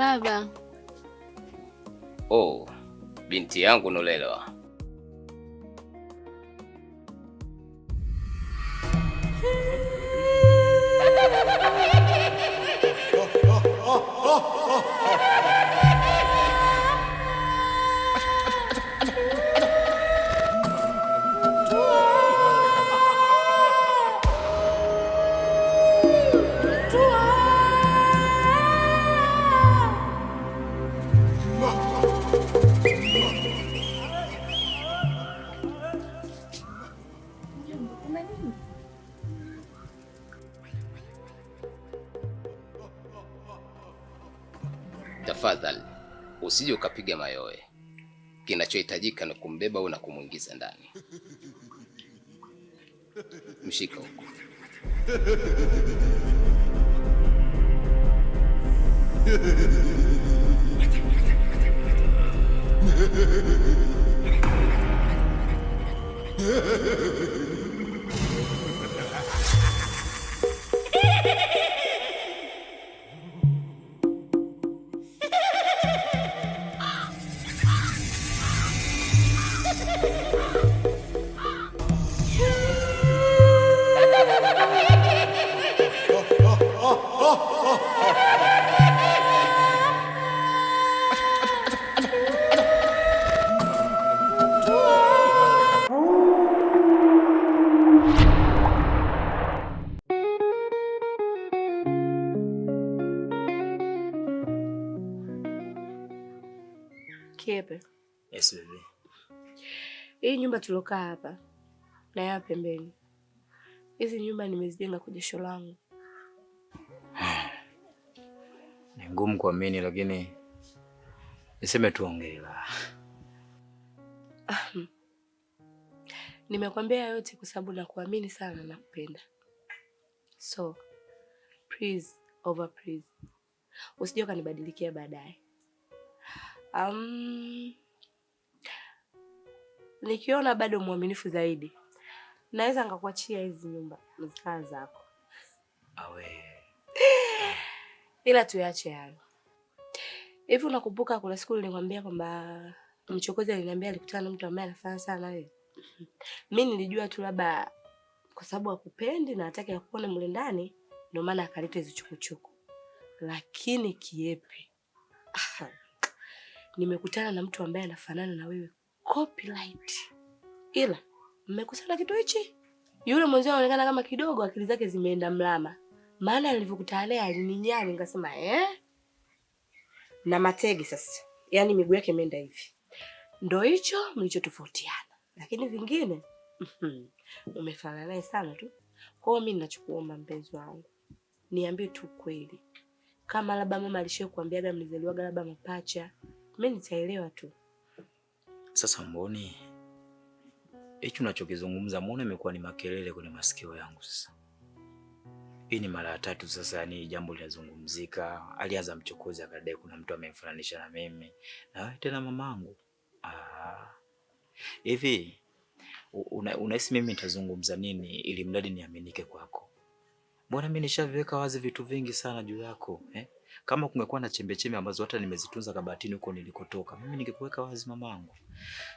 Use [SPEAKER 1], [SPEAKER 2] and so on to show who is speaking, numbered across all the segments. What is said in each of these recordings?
[SPEAKER 1] Baba.
[SPEAKER 2] Oh, binti yangu Nolelwa, usije ukapiga mayowe. Kinachohitajika ni kumbeba au na kumwingiza ndani. Mshika huko. Kiepe. Yes, baby.
[SPEAKER 1] Hii nyumba tulokaa hapa na ya pembeni, hizi nyumba nimezijenga kwa jasho langu.
[SPEAKER 2] Ni ngumu kuamini, lakini niseme tu ah,
[SPEAKER 1] hmm. Nimekwambia yote kwa sababu nakuamini sana, nakupenda. So please over please, usije ukanibadilikia baadaye. Um, nikiona bado mwaminifu zaidi naweza nikakuachia hizi nyumba zikaa zako, awe ila tuyache hayo. Hivi unakumbuka kuna siku nilikwambia kwamba mchokozi aliniambia alikutana na mtu ambaye anafanya sana wewe? Mi nilijua tu labda kwa sababu akupendi na hataki akuone mle ndani, ndio maana akaleta hizo chukuchuku, lakini kiepi nimekutana na mtu ambaye anafanana na wewe copyright, ila mmekusana kitu hichi. Yule mwenzio anaonekana kama kidogo akili zake zimeenda mlama, maana nilivyokutana naye alininyani, nikasema eh, na matege sasa, yaani miguu yake imeenda hivi. Ndo hicho mlichotofautiana, lakini vingine mm-hmm, umefanana naye sana tu. Kwa hiyo mimi ninachokuomba mpenzi wangu, niambie tu kweli, kama labda mama alishakuambiaga mlizaliwaga labda mapacha mimi nitaelewa tu.
[SPEAKER 2] Sasa mboni, hicho unachokizungumza mbona imekuwa ni makelele kwenye masikio yangu? Sasa hii ni mara ya tatu sasa, yani jambo linazungumzika. Alianza mchokozi akadai kuna mtu amemfananisha na mimi na tena mamangu. Ah, hivi unahisi mimi nitazungumza nini ili mradi niaminike kwako? Mbona mimi nishaviweka wazi vitu vingi sana juu yako eh? Kama kungekuwa na chembe chembe ambazo hata nimezitunza kabatini huko nilikotoka, mimi ningekuweka wazi mamangu.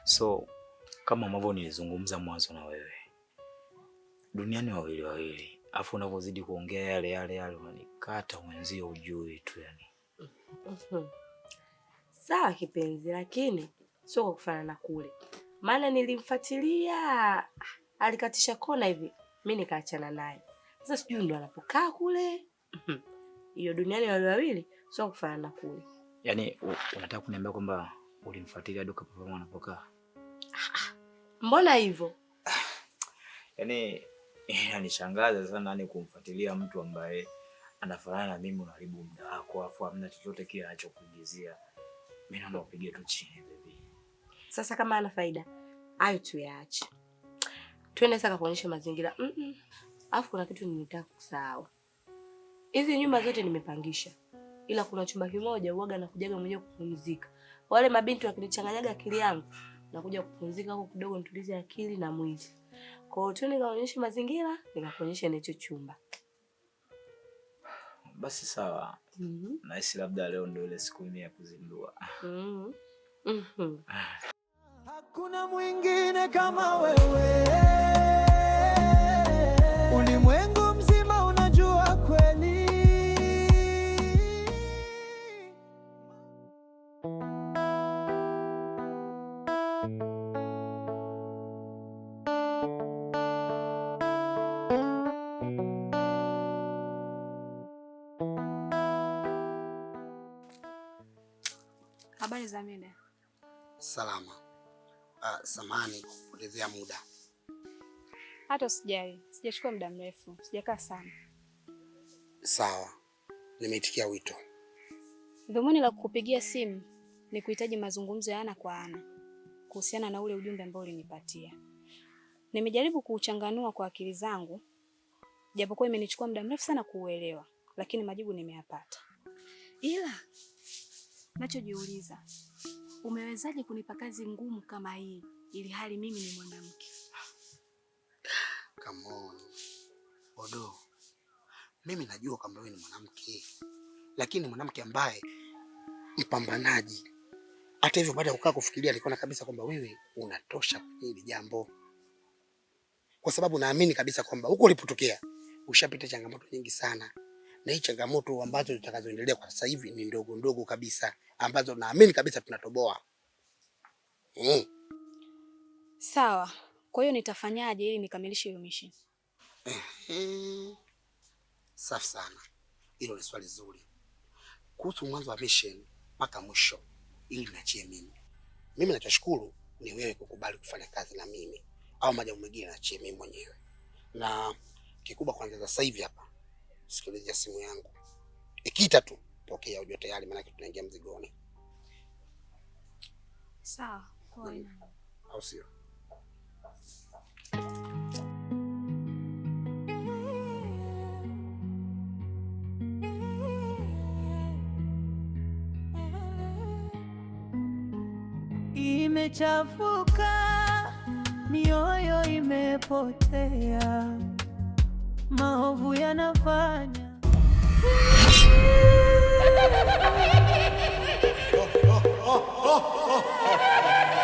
[SPEAKER 2] So kama ambavyo nilizungumza mwanzo na wewe, duniani wawili wawili, afu unavyozidi kuongea yale yale yale unanikata mwenzio, ujui tu yani.
[SPEAKER 1] Sawa kipenzi, lakini sio kwa kufana na kule, maana nilimfuatilia alikatisha kona hivi, mimi nikaachana naye. Sasa sijui ndo anapokaa kule mhm. hiyo duniani wale wawili sio kufanana kule.
[SPEAKER 2] Yaani unataka kuniambia kwamba ulimfuatilia hadi ukapapamaa anapokaa?
[SPEAKER 1] Ah, mbona hivyo?
[SPEAKER 2] Yaani inanishangaza sana yani kumfuatilia mtu ambaye anafanana na mimi, unaharibu muda wako afu amna chochote kile anachokuingizia. Mimi naomba upige tu chini baby.
[SPEAKER 1] Sasa kama ana faida hayo tuyaache, tuende sasa kuonyesha mazingira mm -mm. Alafu kuna kitu nilitaka kusahau. Hizi nyumba zote nimepangisha, ila kuna chumba kimoja uwaga na kujaga mwenyewe kupumzika. Wale mabinti wakinichanganyaga akili yangu, nakuja kupumzika huko kidogo, nitulize akili na mwili. Kwa hiyo tu nikaonyesha mazingira, nikakuonyesha nicho chumba.
[SPEAKER 2] Basi sawa. Mm -hmm. Nahisi labda leo ndio ile siku ya kuzindua. Mm -hmm. Hakuna mwingine kama wewe ulimwengu mzima unajua kweli.
[SPEAKER 1] Habari za mida?
[SPEAKER 3] Salama. Uh, ah, samani kukuletea muda
[SPEAKER 1] hata usijali, sijachukua muda mrefu, sijakaa sana.
[SPEAKER 3] Sawa, nimeitikia wito.
[SPEAKER 1] Dhumuni la kukupigia simu ni kuhitaji mazungumzo ya ana kwa ana kuhusiana na ule ujumbe ambao ulinipatia. Nimejaribu kuuchanganua kwa akili zangu, japokuwa imenichukua muda mrefu sana kuuelewa, lakini majibu nimeyapata. Ila nachojiuliza, umewezaje kunipa kazi ngumu kama hii ili hali mimi ni mwanamke?
[SPEAKER 3] Come on. Odo, mimi najua kwamba wewe ni mwanamke, lakini mwanamke ambaye mpambanaji. Hata hivyo, baada ya kukaa kufikiria, nikaona kabisa kwamba wewe unatosha kwenye hili jambo, kwa sababu naamini kabisa kwamba huko ulipotokea ushapita changamoto nyingi sana, na hii changamoto ambazo zitakazoendelea kwa sasa hivi ni ndogo ndogo kabisa, ambazo naamini kabisa tunatoboa mm.
[SPEAKER 1] Sawa. Kwa hiyo nitafanyaje ili nikamilishe hiyo mission?
[SPEAKER 3] Safi sana, hilo ni swali zuri. Kuhusu mwanzo wa mission mpaka mwisho, ili niachie mimi. Mimi nachoshukuru ni wewe kukubali kufanya kazi na mimi, au majambo mengine naachie mimi mwenyewe. Na kikubwa kwanza, sasa hivi hapa, sikiliza simu yangu ikita tu pokea, ujue tayari, maanake tunaingia mzigoni. Sawa, au sio? Imechafuka, mioyo imepotea, maovu yanafanya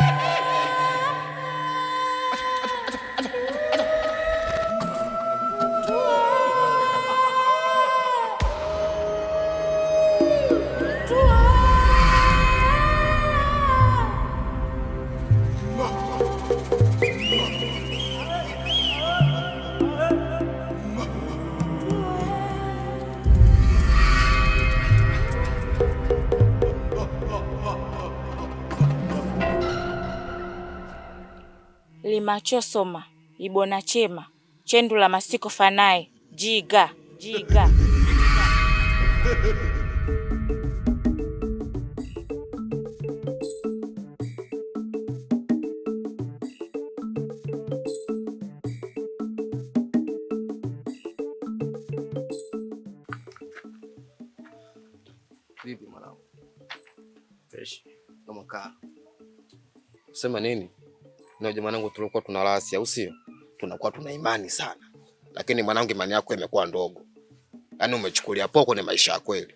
[SPEAKER 1] Limachosoma ibona chendu Chendula Masiko Fanae Jiga Jiga
[SPEAKER 2] Vipi mwanangu? Fresh. Kama kaa.
[SPEAKER 3] Sema nini? na jamaa wangu tulikuwa tunalasi au sio? Tunakuwa tuna imani sana. Lakini mwanangu, imani yako imekuwa ndogo. Yaani umechukulia poko ni maisha ya kweli.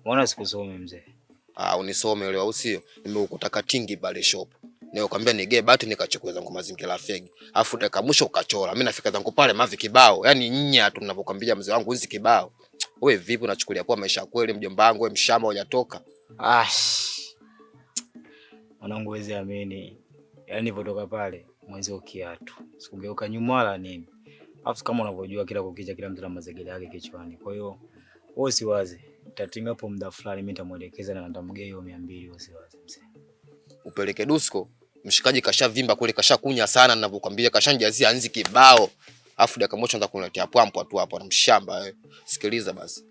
[SPEAKER 2] Mbona sikusome mzee?
[SPEAKER 3] Ah, unisome leo au sio? Nimekukuta katingi pale shop. Leo kwambia nige bati nikachukua zangu mazingira fegi. Alafu dakika mwisho ukachora. Mimi nafika zangu pale mavi kibao. Yaani nyinyi tu mnapokuambia mzee wangu nzi kibao. Wewe vipi unachukulia kwa maisha ya kweli mjomba wangu, wewe mshamba hujatoka?
[SPEAKER 2] Ah. Mwanangu wezi amini, yaani nilipotoka pale mwenzio kiatu sikugeuka nyuma wala nini. Afu kama unavyojua kila kukicha kila mtu na mazegele yake kichwani. Kwa hiyo wewe usiwaze, nitatinga hapo muda fulani mimi nitamuelekeza na nitamgea hiyo 200 Wewe usiwaze mzee.
[SPEAKER 3] Upeleke Dusko, mshikaji kasha vimba kule kasha kunya sana ninavyokuambia kasha njazia anzi kibao. Afu dakika moja anaanza kuniletea pwampo tu hapo na mshamba. Eh, Sikiliza basi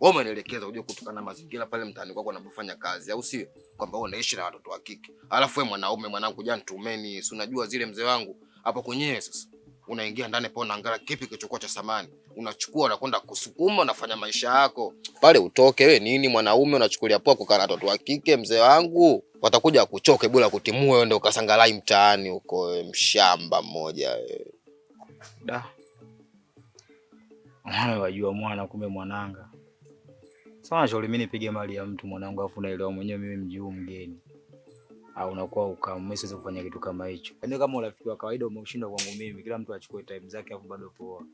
[SPEAKER 3] wewe umenielekeza uje kutokana na mazingira pale mtaani kwako unapofanya kazi, au sio? Kwamba wewe unaishi na watoto wa kike, alafu wewe mwanaume, mwanangu, jana tumeni, si unajua zile mzee wangu hapo kwenyewe. Sasa unaingia ndani pao, unaangalia kipi kilichokuwa cha samani, unachukua unakwenda kusukuma, unafanya maisha yako pale. Utoke wewe nini, mwanaume, unachukulia poa kukaa na watoto wa kike? Mzee wangu, watakuja kuchoke bila kutimua, wewe ndio ukasangalai mtaani huko, mshamba mmoja wewe.
[SPEAKER 2] Da, wajua mwana, kumbe mwananga Sawa, shauri mimi nipige mali ya mtu mwanangu, afu naelewa mwenyewe mimi mjuu mgeni au unakuwa ukamwe, siwezi kufanya kitu kama hicho. Yaani kama urafiki wa kawaida umeushinda kwangu mimi, kila mtu achukue time zake, afu bado poa.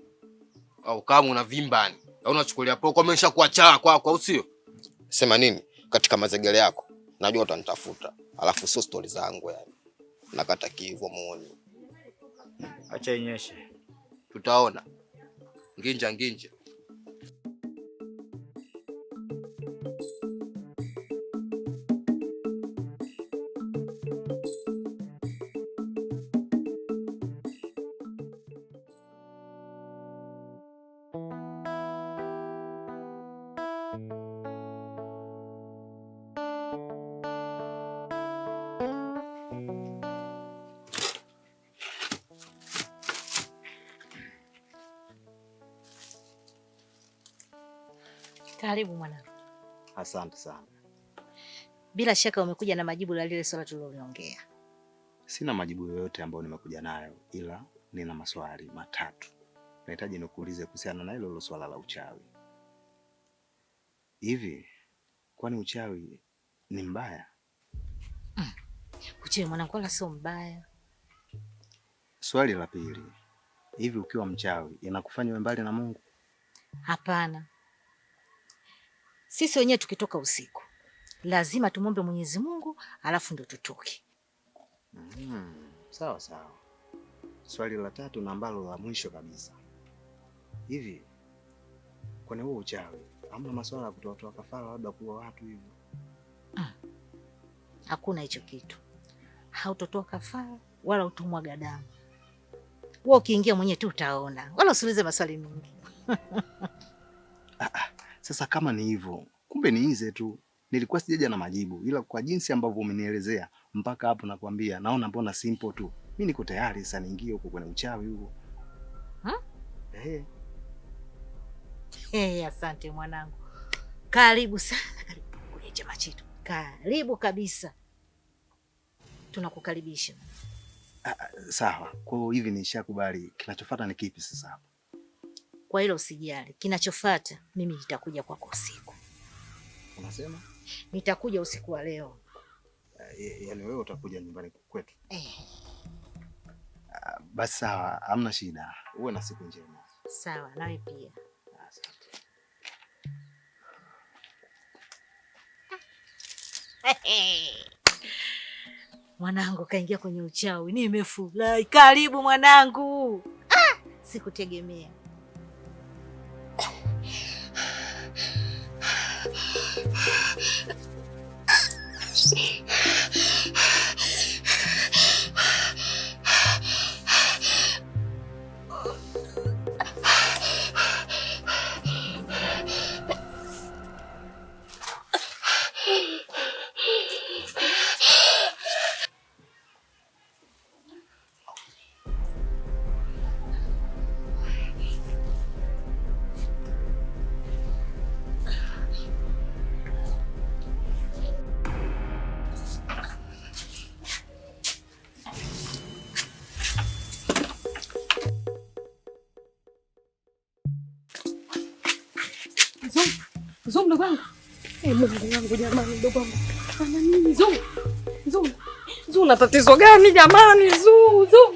[SPEAKER 3] Au kama una vimbani yaani? au unachukulia poa, kwa mimi nishakuwa cha kwa au sio? Sema nini katika mazegele yako, najua utanitafuta, alafu sio stori zangu, yani nakata kivyo muone.
[SPEAKER 2] Acha inyeshe,
[SPEAKER 3] tutaona nginja nginja
[SPEAKER 1] Karibu mwanangu.
[SPEAKER 2] Asante sana.
[SPEAKER 1] Bila shaka umekuja na majibu la lile swala tuliloongea.
[SPEAKER 2] Sina majibu yoyote ambayo nimekuja nayo, ila nina maswali matatu. Nahitaji nikuulize kuhusiana na hilo swala la uchawi. Hivi kwani uchawi ni mbaya?
[SPEAKER 1] Mm. Uchawi mwanangu, wala sio mbaya.
[SPEAKER 2] Swali la pili, hivi ukiwa mchawi inakufanya uwe mbali na Mungu?
[SPEAKER 1] Hapana, sisi wenyewe tukitoka usiku lazima tumwombe Mwenyezi Mungu alafu ndo tutoke.
[SPEAKER 2] Mm, sawa sawa. Swali la tatu na ambalo la mwisho kabisa, hivi kwenye huo uchawi hamna maswala ya kutoatoa kafara, labda kuwa watu hivyo? Mm,
[SPEAKER 1] hakuna hicho kitu, hautotoa kafara wala utumwaga damu. Wewe ukiingia mwenyewe tu utaona, wala usiulize maswali mengi
[SPEAKER 2] Sasa kama ni hivyo, kumbe niize tu. Nilikuwa sijaja na majibu, ila kwa jinsi ambavyo umenielezea mpaka hapo, nakwambia naona mbona simple tu. Mi niko tayari sasa, niingie huko kwenye uchawi huko.
[SPEAKER 1] Hey. Eh. Hey, eh, asante mwanangu, karibu sana, karibu kwenye chama chetu, karibu kabisa, tunakukaribisha.
[SPEAKER 2] Ah, ah sawa. Kwa hiyo hivi nishakubali, kinachofuata ni kipi sasa hapa?
[SPEAKER 1] Kwa hilo usijali, kinachofuata mimi nitakuja kwako usiku. Unasema nitakuja usiku wa leo?
[SPEAKER 2] Uh, yaani wewe utakuja nyumbani kwetu eh? Uh, basi sawa, hamna shida. Uwe na siku njema.
[SPEAKER 1] Sawa, nawe pia. Mwanangu kaingia kwenye uchawi, nimefurahi. Karibu mwanangu. Ah, sikutegemea. See? mdogo wangu. Eh, Mungu wangu jamani, mdogo wangu. Ana nini Zuu? Zuu. Zuu na tatizo gani jamani? Zuu, Zuu.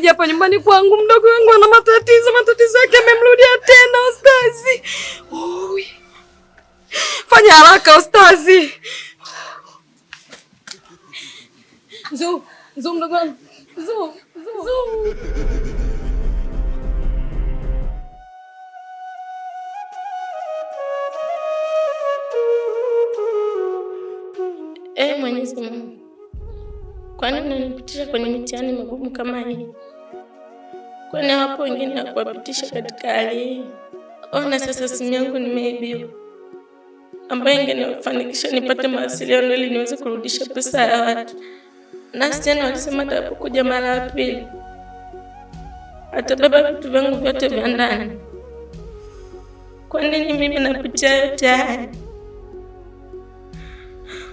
[SPEAKER 1] kuja hapa nyumbani kwangu. Mdogo wangu ana matatizo, matatizo yake amemrudia tena ustazi. Fanya haraka ustazi.
[SPEAKER 4] Eh, Mwenyezi Mungu. Kwa nini unanipitisha kwenye mitihani magumu kama hii? kwani hapo wengine na kuwapitisha katika hali hii. Ona sasa simu yangu nimeibiwa, ambayo ingenifanikisha nipate mawasiliano ili niweze kurudisha pesa ya watu. Nasichana walisema tapokuja mara ya pili atabeba vitu vyangu vyote vya ndani. Kwa nini mimi napitia yote haya?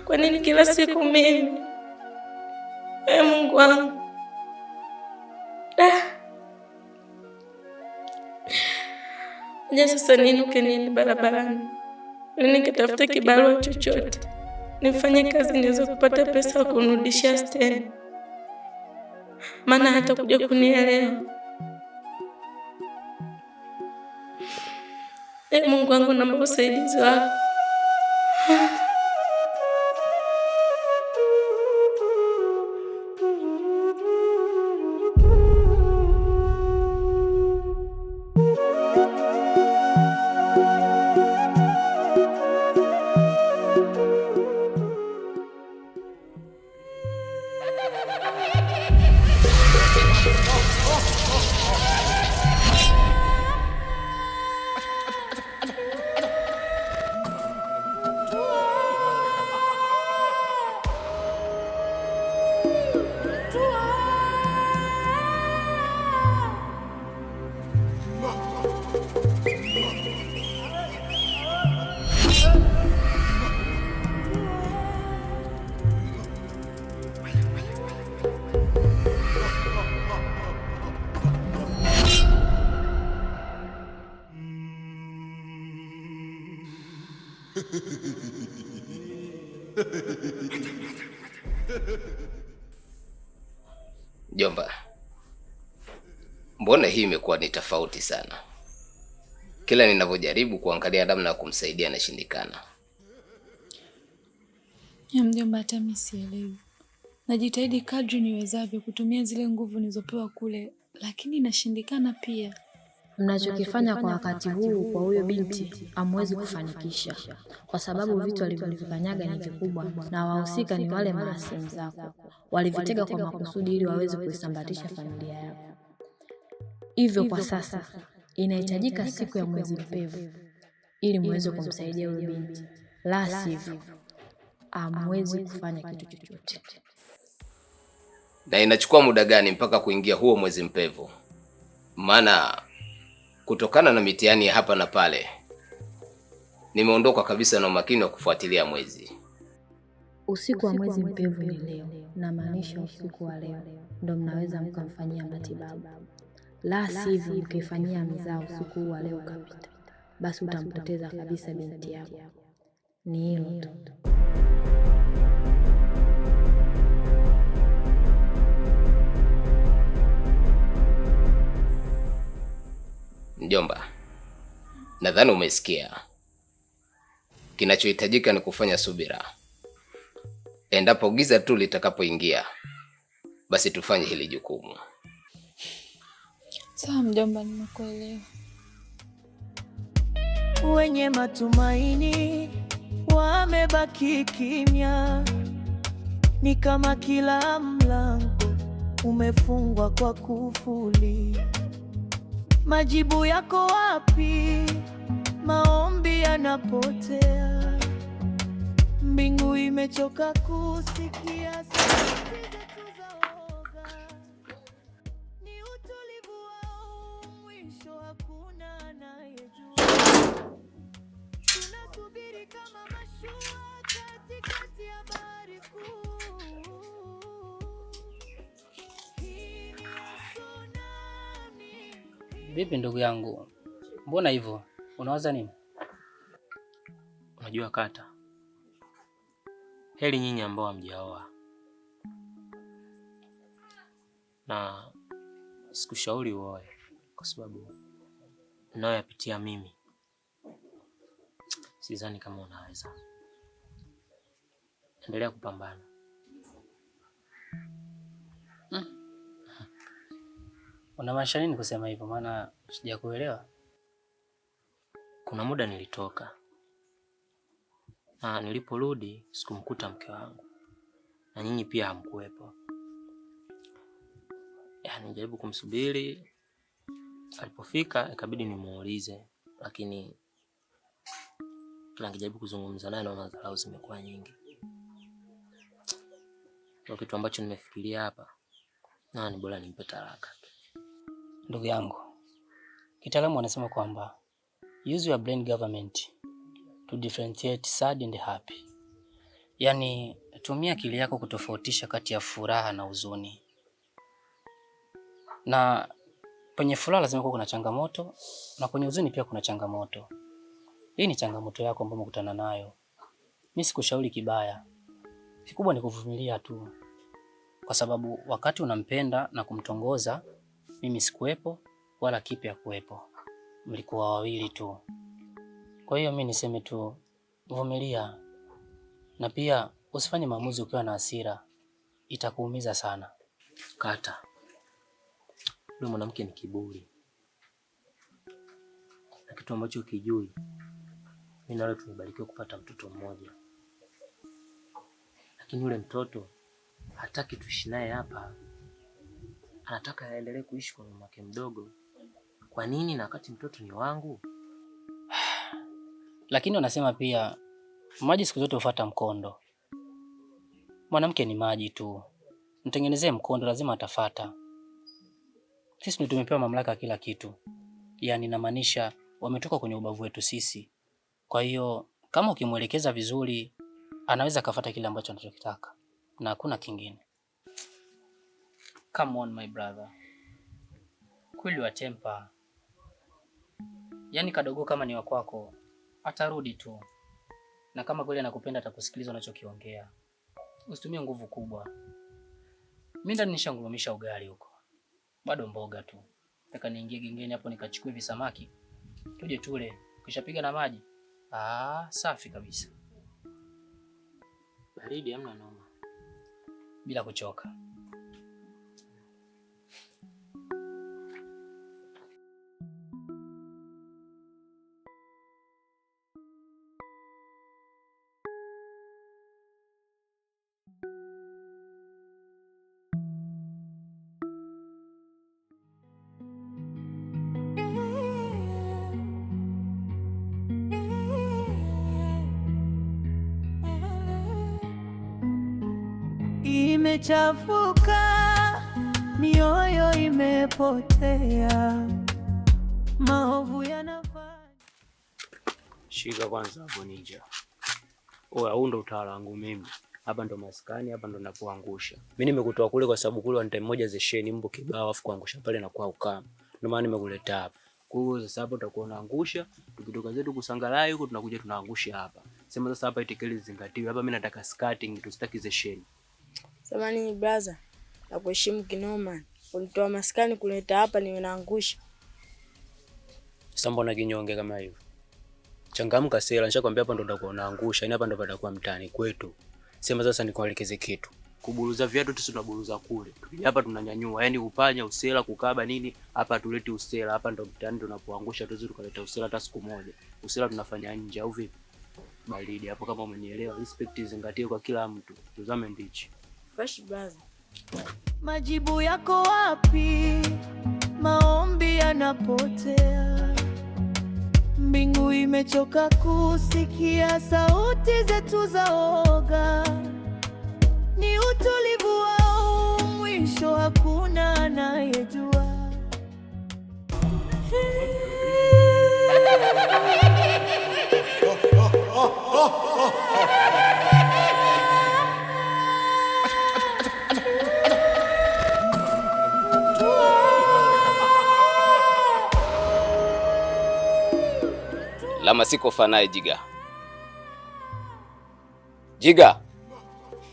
[SPEAKER 4] Kwa nini kila siku mimi? Ee Mungu wangu Je, sasa nini ukenieni barabarani ili nikatafuta kibarua chochote nifanye kazi niweze kupata pesa wa kunirudishia stendi, maana hata kuja kunielewa. E Mungu wangu, naomba usaidizi wako.
[SPEAKER 2] Mbona hii imekuwa ni tofauti sana? Kila ninavyojaribu kuangalia namna ya kumsaidia nashindikana.
[SPEAKER 5] Mjomba, hata mimi sielewi. Najitahidi kadri niwezavyo kutumia zile nguvu nilizopewa kule, lakini inashindikana pia.
[SPEAKER 6] Mnachokifanya kwa wakati huu kwa huyo binti hamwezi kufanikisha, kwa sababu vitu alivyovikanyaga ni vikubwa, na wahusika ni wale mahasimu zako, walivitega kwa makusudi ili waweze kuisambatisha familia yako. Hivyo kwa sasa inahitajika siku ya mwezi mpevu ili muweze kumsaidia huyo binti, la sivyo amwezi kufanya kitu chochote.
[SPEAKER 2] Na inachukua muda gani mpaka kuingia huo mwezi mpevu? Maana kutokana na mitihani ya hapa na pale nimeondoka kabisa na umakini wa kufuatilia mwezi.
[SPEAKER 6] Usiku wa mwezi mpevu ni leo, namaanisha usiku wa leo ndo mnaweza mkamfanyia matibabu la sivyo mkifanyia mzao usiku huu wa leo ukapita, basi utampoteza kabisa binti yako. Ni hilo tu.
[SPEAKER 2] Mjomba, nadhani umesikia. Kinachohitajika ni kufanya subira. Endapo giza tu litakapoingia, basi tufanye hili jukumu.
[SPEAKER 5] Sawa mjomba, nimekuelewa. Wenye matumaini wamebaki kimya, ni kama kila mlango umefungwa kwa kufuli. Majibu yako wapi? Maombi yanapotea, mbingu imechoka kusikia sauti
[SPEAKER 7] mwisho hakuna anayejua. Tunasubiri kama mashua katikati ya bahari kuu. Vipi ndugu yangu, mbona hivyo? Unawaza nini?
[SPEAKER 2] Unajua kata, heri nyinyi ambao hamjaoa, na sikushauri uoe kwa sababu nayoyapitia mimi sidhani kama unaweza. Endelea kupambana.
[SPEAKER 7] Mm. Unamaanisha nini kusema hivyo? Maana sijakuelewa.
[SPEAKER 2] Kuna muda nilitoka na niliporudi sikumkuta mke wangu, na nyinyi pia hamkuwepo. Yaani jaribu kumsubiri Alipofika ikabidi nimuulize, lakini nikijaribu kuzungumza naye naona dharau zimekuwa nyingi. Kwa kitu ambacho nimefikiria hapa, na ni bora nimpe talaka.
[SPEAKER 7] Ndugu yangu, kitaalamu wanasema kwamba use your brain government to differentiate sad and happy, yaani tumia akili yako kutofautisha kati ya furaha na huzuni na Kwenye furaha lazima kuwa kuna changamoto na kwenye huzuni pia kuna changamoto. Hii ni changamoto yako ambayo umekutana nayo. Mimi sikushauri kibaya, kikubwa ni kuvumilia tu, kwa sababu wakati unampenda na kumtongoza, mimi sikuwepo wala kipya kuwepo mlikuwa wawili tu. Kwa hiyo mimi niseme tu vumilia, na pia usifanye maamuzi ukiwa na hasira, itakuumiza sana.
[SPEAKER 2] Kata. Yule mwanamke ni kiburi na kitu ambacho kijui. Mimi nawe tumebarikiwa kupata mtoto mmoja, lakini yule mtoto hataki tuishi naye hapa, anataka aendelee kuishi kwa mama yake mdogo. Kwa nini? Na wakati mtoto ni wangu.
[SPEAKER 7] Lakini wanasema pia maji siku zote hufuata mkondo. Mwanamke ni maji tu, mtengenezee mkondo, lazima atafata. Sisi ndio tumepewa mamlaka ya kila kitu, yaani namaanisha wametoka kwenye ubavu wetu sisi. Kwa hiyo kama ukimwelekeza vizuri, anaweza akafata kile ambacho anachokitaka na hakuna kingine. Come on my brother, kweli wa tempa, yaani kadogo kama ni wakwako atarudi tu, na kama kweli anakupenda atakusikiliza unachokiongea. Usitumie nguvu kubwa, mi ndani nishangulumisha ugali huko. Bado mboga tu. Nataka niingie gengeni hapo nikachukue hivi samaki. Tuje tule. Ukishapiga na maji. Ah, safi kabisa.
[SPEAKER 2] Baridi amna noma. Bila kuchoka.
[SPEAKER 8] imechafuka, mioyo imepotea, maovu yanafanya. Shika kwanza hapo Ninja. Oya, huu ndo utawala wangu mimi. Hapa ndo maskani, hapa ndo nakuangusha. Mimi nimekutoa kule kwa sababu kule wanita mmoja zesheni mbo kibao afu kuangusha pale na kwa ukama. Ndio maana nimekuleta hapa. Kwa hiyo sasa hapo utakuwa unaangusha, tukitoka zetu kusangalai huko tunakuja tunaangusha hapa. Sema sasa hapa itikeli zingatiwe. Hapa mimi nataka skating, tusitaki zesheni.
[SPEAKER 9] Samani ni brother, na kuheshimu kinoma. Kunitoa maskani kuleta hapa niwe naangusha.
[SPEAKER 8] Sasa mbona kinyonge kama hivyo? Changamka Sela, nishakwambia hapa ndo ndakuwa naangusha, yani hapa ndo patakuwa mtani kwetu. Sema sasa nikuelekeze kitu. Kuburuza viatu tu tunaburuza kule. hapa tunanyanyua, Yaani upanya, usela, kukaba nini, hapa tuleti usela, hapa ndo mtani tunapoangusha zuri kuleta usela hata siku moja. Usela tunafanya nje au vipi? Baridi hapo kama umenielewa, respect zingatie kwa kila mtu. Tuzame ndichi.
[SPEAKER 9] Fresh brother. Majibu yako wapi? Maombi yanapotea, mbingu imechoka kusikia sauti zetu za oga. Ni utulivu wao, mwisho hakuna anayejua.
[SPEAKER 2] Oh, oh, oh, la masiko fanaye jiga jiga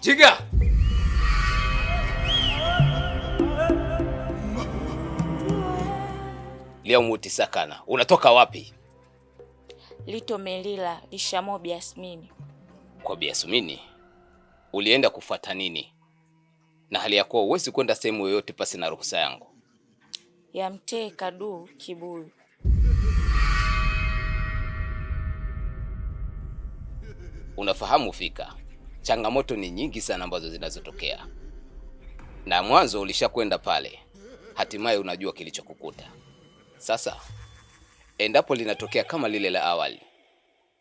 [SPEAKER 2] jiga liamuti sakana, unatoka wapi?
[SPEAKER 10] litomelila lishamo Biasmini.
[SPEAKER 2] Kwa Biasmini ulienda kufuata nini, na hali ya kuwa huwezi kwenda sehemu yoyote pasi na ruhusa yangu?
[SPEAKER 10] Yamtee kaduu kibuyu
[SPEAKER 2] Unafahamu fika, changamoto ni nyingi sana ambazo zinazotokea, na mwanzo ulishakwenda pale, hatimaye unajua kilichokukuta. Sasa endapo linatokea kama lile la awali,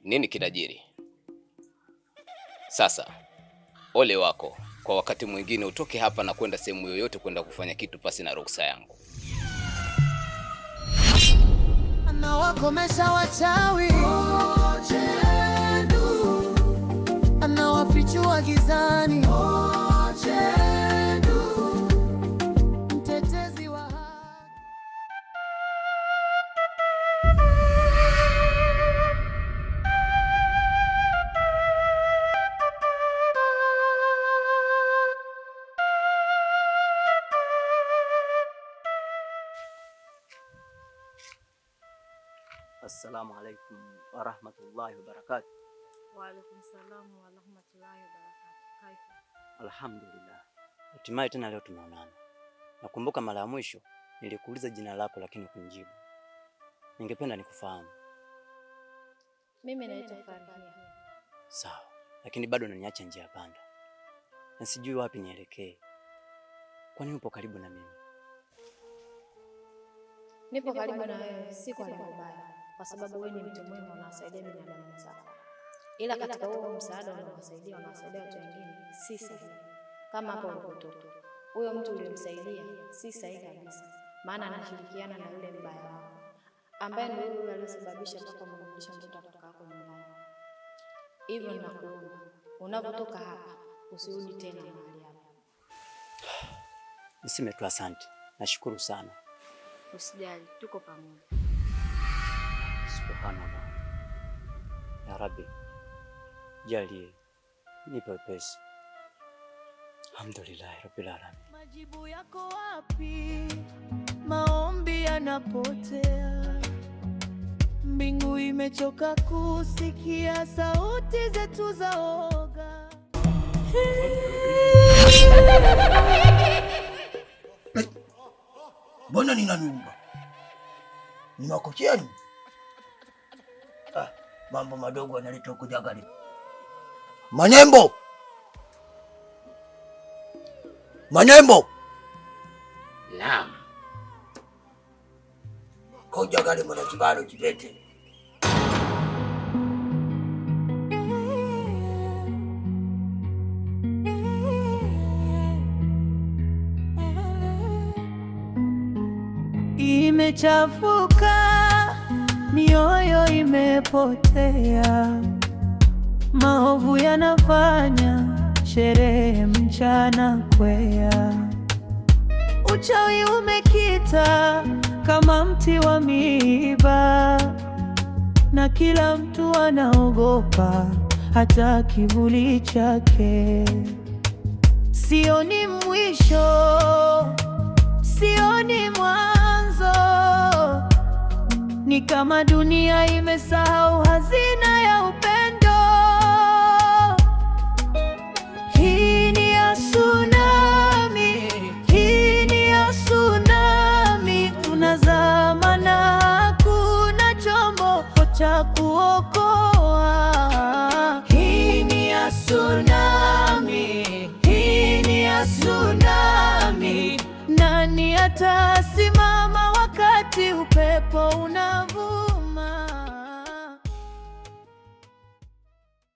[SPEAKER 2] nini kinajiri sasa? Ole wako kwa wakati mwingine utoke hapa na kwenda sehemu yoyote kwenda kufanya kitu pasi na ruksa yangu. Anawakomesha wachawi Jua gizani mtetezi wa haki. Assalamu alaikum warahmatullahi wabarakatuh.
[SPEAKER 11] Waalaikum salamu warahmatullahi wabarakatuh.
[SPEAKER 2] Alhamdulillah, hatimaye tena leo tumeonana. Nakumbuka mara ya mwisho nilikuuliza jina lako lakini ukunijibu. Ningependa nikufahamu.
[SPEAKER 11] Mimi naitwa Farhia.
[SPEAKER 2] Sawa, lakini bado unaniacha njia panda na sijui wapi nielekee. Kwa nini upo karibu na mimi?
[SPEAKER 11] Nipo karibu na wewe si kwa lengo baya, kwa sababu wewe ni mtu mwema, unasaidia binadamu wenzako ila katika huo msaada unaowasaidia unawasaidia watu wengine, si sahihi. Kama hapo ulipotoka, huyo mtu uliyemsaidia si sahihi kabisa, maana anashirikiana na yule mbaya wako ambaye ndio yule aliyesababisha mpaka umemrudisha mtoto kutoka wako nyumbani. Hivyo ninakuomba unapotoka hapa usirudi tena mahali hapa.
[SPEAKER 2] Niseme tu asante, nashukuru sana.
[SPEAKER 11] Usijali, tuko pamoja.
[SPEAKER 2] Subhanallah, ya Rabbi. Jalie, nipe wepesi. Alhamdulillahi rabbil alamin. Majibu yako wapi? Maombi yanapotea, mbingu imechoka kusikia sauti
[SPEAKER 12] zetu za oga. Mbona nina nyumba ni Ah, mambo madogo yanaleta kujagali Manyembo, Manyembo, naam, koja gari mwana kibalo kipete imechafuka, mioyo imepotea maovu yanafanya sherehe mchana kwea, uchawi umekita kama mti wa miiba, na kila mtu anaogopa hata kivuli chake. Sioni mwisho, sioni mwanzo, ni kama dunia imesahau hazina ya upendo. Soon.